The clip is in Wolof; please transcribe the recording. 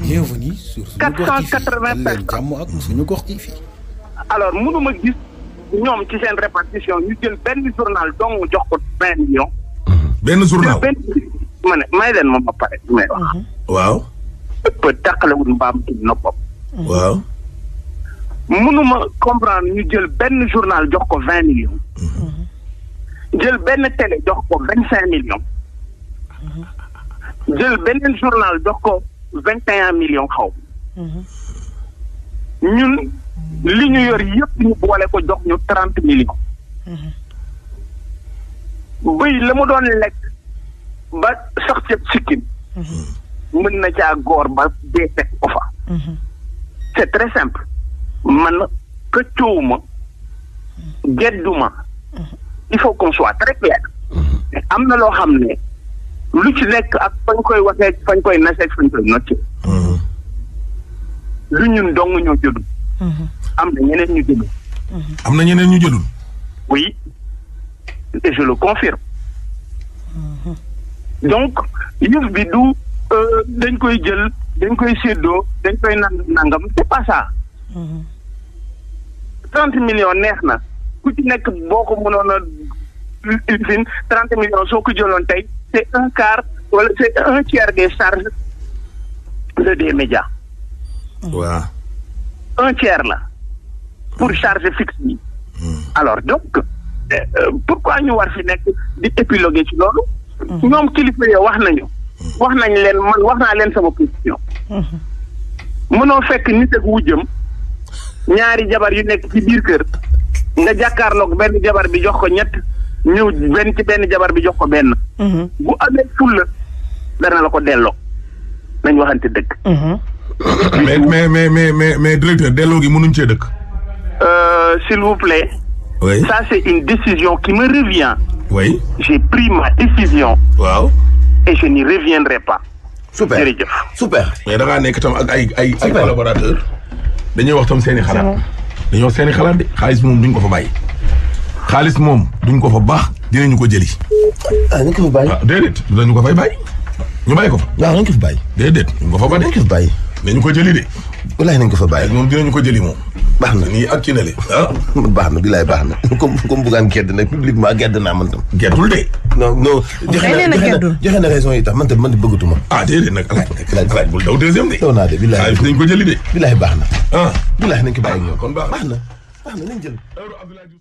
Mmh. bienvenue sur suñu gox gi fii leen jàmm ak suñu gox alors mënuma gis ñoom ci seen répartition ñu jël benn journal dong jox ko vingt millions mmh. benn journal benn ma ne may leen moom ba pare bi may wax mmh. waaw ëpp dàqalewul mbaam ci noppam waaw mënuma comprendre ñu jël benn journal jox ko vingt millions jël benn télé jox ko vingt cinq millions jël benn journal jox ko vingt et un millions xaw mhm. ñun li ñu yor yëpp ñu boole ko jox ñu trente millions mhm. bëy la mu doon lekk ba sax ceeb sikkin mhm. mën na caa góor ba dee fekk ko fa c'est très simple man këccoowuma gedduma il faut qu'on soit très clair am na loo xam ne lu ci nekk ak fañ koy waxee fañ koy nasee fañ koy nocc mm-hmm. lu ñun dong ñoo jëlul mm-hmm. am na ñeneen ñu jëlul mm-hmm. am na ñeneen ñu jëlul oui donc yëf bi du euh, dañ koy jël dañ koy séddoo dañ koy nangam nangam c'est pas ça trente millions neex na ku ci nekk boo ko mënoon plus usine trente millions soo ko jëloon tey c' est un quart wala c' est un tiers des charges de des médias. waaw. un tiers la pour charge fixe bi. Hmm. alors donc euh, pourquoi ñu war fi nekk di épiloguer ci loolu. Hmm. ñoom kilifa wax nañu. Hmm. wax nañ leen man wax naa leen sama position. mënoo fekk nit ak wujjam ñaari jabar yu nekk ci biir kër nga jàkkaarloog benn jabar bi jox ko ñett. ñëw benn ci benn jabar bi jox ko benn. Mm-hmm. bu amee fulla na la ko delloo nañ waxante dëkk. Mm-hmm. mais mais mais mais mais mais directeur delloo gi mënuñ cee dëkk. Euh, s'il vous plaît. oui ça c'est une décision qui me revient. oui j'ai pris ma décision. waaw. et je n'y reviendrai pas. super jërëjëf super. mais da nekk tam ak ay ay ay collaborateurs. dañuy wax tam seen i xalaat. dañoo seen i xalaat de xaalis moom duñ ko fa bàyyi. xaalis moom duñ ko fa baax dinañu ko jëli. ah nañ ko fa bàyyi. ah déedéet dinañu ko fay bàyyi. ñu bàyyi ko fa. waaw ah, nañ ko fa bàyyi. déedéet duñ ko fa bàyyi. nañ ko fa bàyyi. nañ ko jëli de. walaay nañ ko fa bàyyi. moom dinañu ko jëli moom. baax na nii ak ci ne le ah. baax na bilaay baax na comme comme bugaan gedd nag publiquement gedd naa man tam. geddul de. non non joxe na joxe na joxe na raison yi tax man tam man bëggatuma. ah déedéet nag alaaj alaaj bul daw deuxième de. daw naa de bilaay nañ ko jëli de. bilaay baax na. ah bilaay nañ ko bàyyi ak ñoom ah, kon baax na baax na nañ jël.